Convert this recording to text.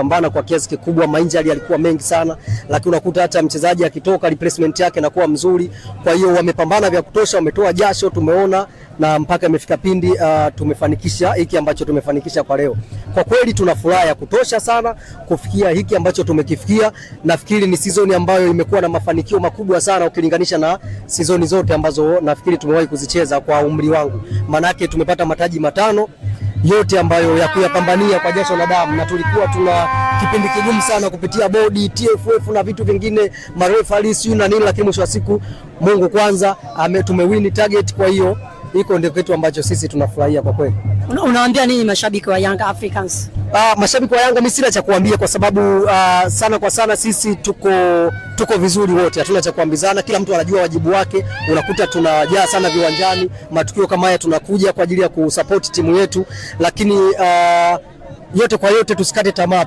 kupambana kwa kiasi kikubwa. Mainjali alikuwa mengi sana, lakini unakuta hata mchezaji akitoka replacement yake inakuwa mzuri. Kwa hiyo wamepambana vya kutosha, wametoa jasho, tumeona na mpaka imefika pindi uh, tumefanikisha hiki ambacho tumefanikisha kwa leo. Kwa kweli tuna furaha ya kutosha sana kufikia hiki ambacho tumekifikia. Nafikiri ni season ambayo imekuwa na mafanikio makubwa sana ukilinganisha na season zote ambazo nafikiri tumewahi kuzicheza kwa umri wangu, maanake tumepata mataji matano yote ambayo ya kuyapambania kwa jasho la damu, na tulikuwa tuna kipindi kigumu sana kupitia bodi TFF na vitu vingine marefa siyo na nini, lakini mwisho wa siku Mungu kwanza ame tumewini target. Kwa hiyo iko ndio kitu ambacho sisi tunafurahia kwa kweli. Unaambia nini mashabiki wa Young Africans? Uh, mashabiki wa Yanga, mimi sina cha kuambia kwa sababu uh, sana kwa sana sisi tuko tuko vizuri wote, hatuna cha kuambizana, kila mtu anajua wajibu wake. Unakuta tunajaa sana viwanjani, matukio kama haya tunakuja kwa ajili ya kusupport timu yetu, lakini uh, yote kwa yote tusikate tamaa.